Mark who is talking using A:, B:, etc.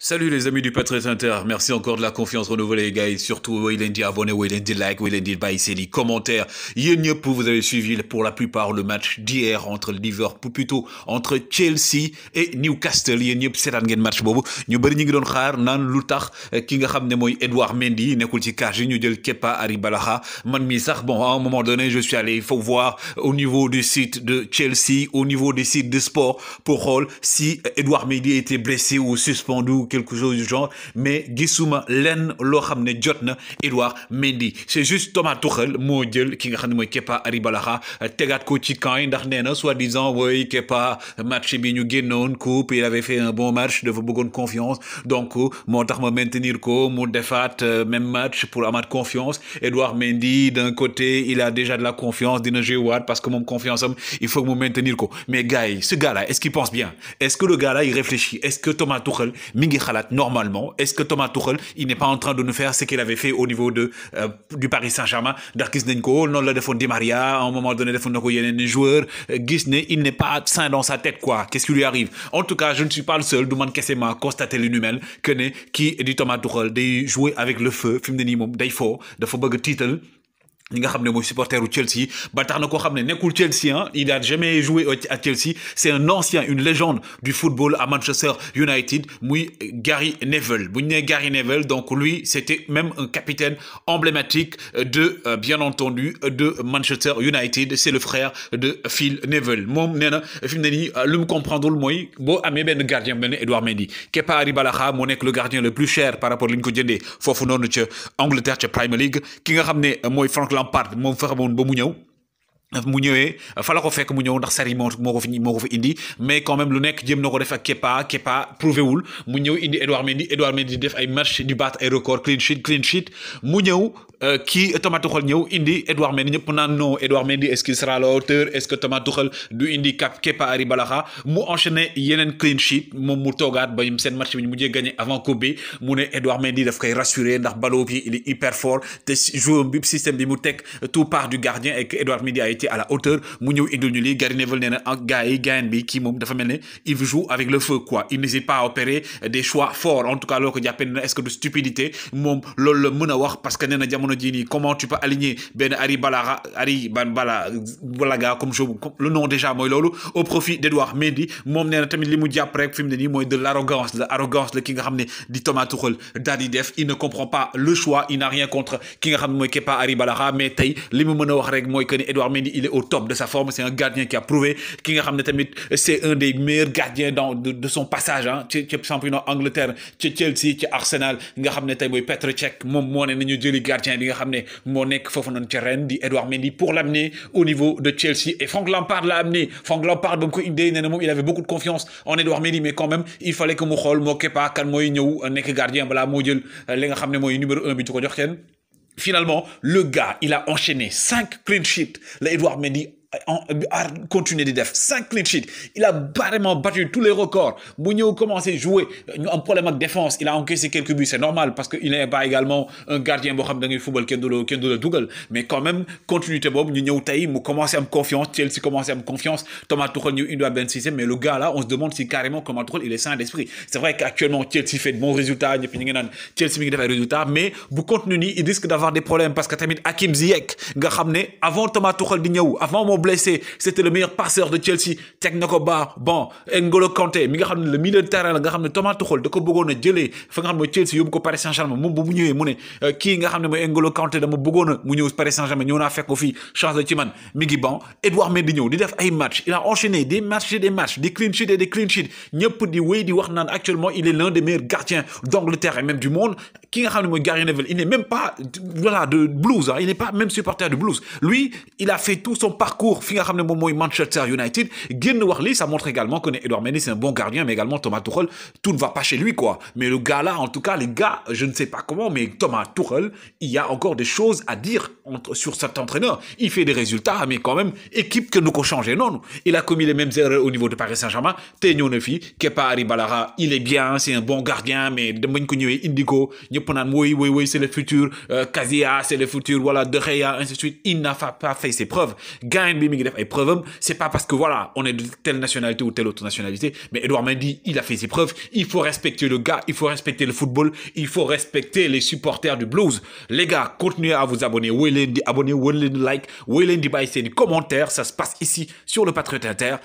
A: Salut les amis du Patriot Inter, merci encore de la confiance renouvelée les gars surtout Wayland dit abonné, Wayland dit like, Wayland dit bye, c'est les commentaires. Yenyep, vous avez suivi pour la plupart le match d'hier entre Liverpool, plutôt entre Chelsea et Newcastle. Yenyep, c'est un match bobo. Nous bari ñi don xaar nan lutax ki nga xamné moy Edouard Mendy nekul ci cage ñu jël Kepa Arrizabalaga. Man mi sax bon à un moment donné, je suis allé il faut voir au niveau du site de Chelsea, au niveau des sites de sport pour voir si Edouard Mendy était blessé ou suspendu quelque chose du genre mais gisuma lenn loo ne Edouard Mendy c'est juste Thomas Tuchel mo jël ki nga xamné moy mooy Kepa Arrizabalaga tegaat ko ci camp ndax néna soi-disant oui Kepa match bi ñu génnoon coupe il avait fait un bon match beaucoup de confiance donc motax ma maintenir ko mu défat euh, même match pour amad confiance Edouard Mendy d'un côté il a déjà de la confiance dina jouer parce que mon confiance il faut que maintenir ko mais gars ce gars là est-ce qu'il pense bien est-ce que le gars là il réfléchit est-ce que Thomas Tuchel normalement est-ce que Thomas Tuchel il n'est pas en train de nous faire ce qu'il avait fait au niveau de euh, du Paris Saint-Germain ndax gis non, ko Maria à un moment donné le na ko joueur euh, gis il n'est pas sain dans sa tête quoi qu'est-ce qui lui arrive en tout cas je ne suis pas le seul du que' c'est ma constaté lu que qui qui Thomas Tuchel de jouer avec le feu film de Nimo, dai de de foo nga supporter Chelsea Chelsea hein. il a jamais joué à Chelsea c'est un ancien une légende du football à Manchester United Mui Gary Neville Gary Neville donc lui c'était même un capitaine emblématique de euh, bien entendu de Manchester United c'est le frère de Phil Neville Moi, nee tout, fi lu gardien ben Edouard Mendy Kepa Arrizabalaga mon le gardien le plus cher par rapport à ñu ko jëndee Angleterre Premier League ki a ramené moi Lampard moom mon bon ba mu ñëw. mu ñëwee fa la ko fekk mu ñëw ndax sari moo indi mais quand même le nekk jëm na ko def ak Kepa Kepa prouvé wul mu indi Edouard Mendy Edouard Mendy def ay match du battre ay record clean sheet clean sheet mu qui euh, euh, Thomas Tuchel indi Edouard Mendy pendant non Edouard Mendy est-ce qu'il sera à la hauteur est-ce que Thomas Tuchel du indi Kepa a. mu enchaîné yenen clean sheet gagné avant Kobe. Edouard Mendy daf rassuré il est hyper fort te joue système tout part du gardien et que Edouard Mendy a été à la hauteur mu a ah, il joue avec le feu quoi il n'hésite pas à opérer des choix forts en tout cas il n'y a est-ce que de stupidité parce que comment tu peux aligner Ben Ari Balara Ari Ban Bala Balaga comme je le nom déjà moi loolu au profit d'Edouard Mendy moom nee na tamit li mu jàpp rek fi mu de l'arrogance de l'arrogance le ki nga xam di Thomas Tuchel daal di def il ne comprend pas le choix il n'a rien contre ki nga xam ne mooy Kepa Ari Balara mais tey li mu mën a wax rek mooy que Edouard Mendy il est au top de sa forme c'est un gardien qui a prouvé ki nga xam tamit c'est un des meilleurs gardiens dans de son passage hein ci ci championnat Angleterre ci Chelsea ci Arsenal nga xam ne tey mooy Petr Cech moom moo nañu jëli gardien il a amené mon moo nekk Edouard Mendy pour l'amener au niveau de Chelsea et Frank Lampard l'a amené Frank Lampard donc il avait beaucoup de confiance en Edouard Mendy mais quand même il fallait que ne moquait pas. Kepa kan mooy ñëw gardien voilà module jël li nga numéro 1. bi ci finalement le gars il a enchaîné 5 clean sheets L'Edouard Edouard Mendy continuer de def 5 clean sheet il a barrément battu tous les records bu a commencé jouer un euh, problème de défense il a encaissé quelques buts c'est normal parce que il n'est pas également un gardien boo xam football Dougal. mais quand même continuité bon ñu ñëw a commencé à me confiance Chelsea commencé me confiance Thomas Tuchel il doit bien Ben mais le gars là on se demande si carrément Thomas Tuchel il est sain d'esprit c'est vrai qu'actuellement Chelsea fait de bons résultats Chelsea fait des résultats mais bu continue il risque d'avoir des problèmes parce que tamit Hakim Ziyech avant Thomas Tuchel avant ñëw avant blessé c'était le meilleur passeur de Chelsea teg bon N'Golo Kanté mi nga xam le milieu de terrain la nga xam Thomas Tuchel da ko bëggoon a fa nga xam Chelsea yobu ko Paris Saint-Germain moom bu ñëwé mu né euh, ki nga xam moy mooy N'Golo Kanté dama bëggoon mu ñëw Paris Saint-Germain ñëw na fekk ko chance la ci man mi ngi bon Edouard Mendy ñëw di def ay match il a enchaîné des matchs et des matchs des clean sheets et des clean sheets ñëpp di wéy di wax naan actuellement il est l'un des meilleurs gardiens d'Angleterre et même du monde ki nga xam moy Gary Neville il n'est même pas voilà de blues hein il n'est pas même supporter de blues lui il a fait tout son parcours recours fi Manchester United Guin wax ça montre également que Edouard Mendy c'est un bon gardien mais également Thomas Tuchel tout ne va pas chez lui quoi mais le gars là en tout cas les gars je ne sais pas comment mais Thomas Tuchel il y a encore des choses à dire sur cet entraîneur il fait des résultats mais quand même équipe que nous qu'on changer non il a commis les mêmes erreurs au niveau de Paris Saint-Germain te Nefi Kepa il est bien c'est un bon gardien mais de moins que c'est le futur euh, Casia, c'est le futur voilà De ainsi de suite il n'a pas fait ses preuves gain c'est pas parce que voilà on est de telle nationalité ou telle autre nationalité mais Edouard Mendy il a fait ses preuves il faut respecter le gars il faut respecter le football il faut respecter les supporters du Blues les gars continuez à vous abonner Willing, abonnez di like commentaires ça se passe ici sur le Patriot Inter